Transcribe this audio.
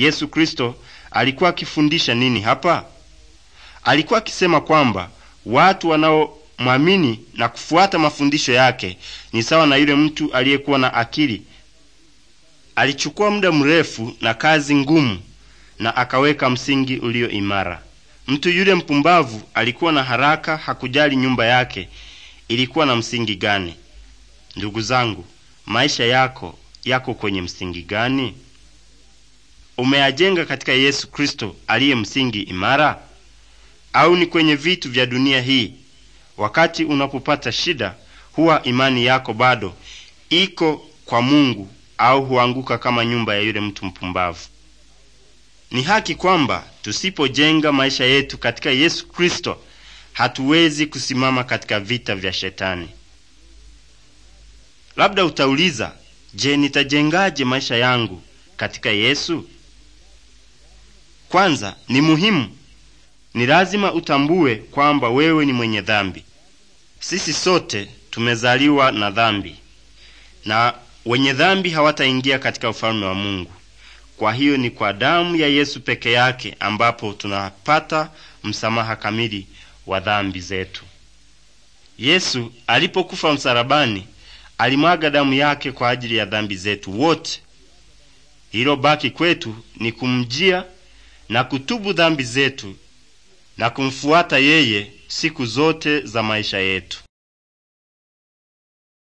Yesu Kristo alikuwa akifundisha nini hapa? Alikuwa akisema kwamba watu wanaomwamini na kufuata mafundisho yake ni sawa na yule mtu aliyekuwa na akili. Alichukua muda mrefu na kazi ngumu na akaweka msingi ulio imara. Mtu yule mpumbavu alikuwa na haraka, hakujali nyumba yake ilikuwa na msingi gani. Ndugu zangu, maisha yako yako kwenye msingi gani? umeyajenga katika Yesu Kristo aliye msingi imara? Au ni kwenye vitu vya dunia hii? Wakati unapopata shida, huwa imani yako bado iko kwa Mungu au huanguka kama nyumba ya yule mtu mpumbavu? Ni haki kwamba tusipojenga maisha yetu katika Yesu Kristo hatuwezi kusimama katika vita vya Shetani. Labda utauliza, je, nitajengaje maisha yangu katika Yesu? Kwanza ni muhimu, ni lazima utambue kwamba wewe ni mwenye dhambi. Sisi sote tumezaliwa na dhambi, na wenye dhambi hawataingia katika ufalme wa Mungu. Kwa hiyo ni kwa damu ya Yesu peke yake ambapo tunapata msamaha kamili wa dhambi zetu. Yesu alipokufa msalabani alimwaga damu yake kwa ajili ya dhambi zetu wote. Hilo baki kwetu ni kumjia na kutubu dhambi zetu na kumfuata yeye siku zote za maisha yetu.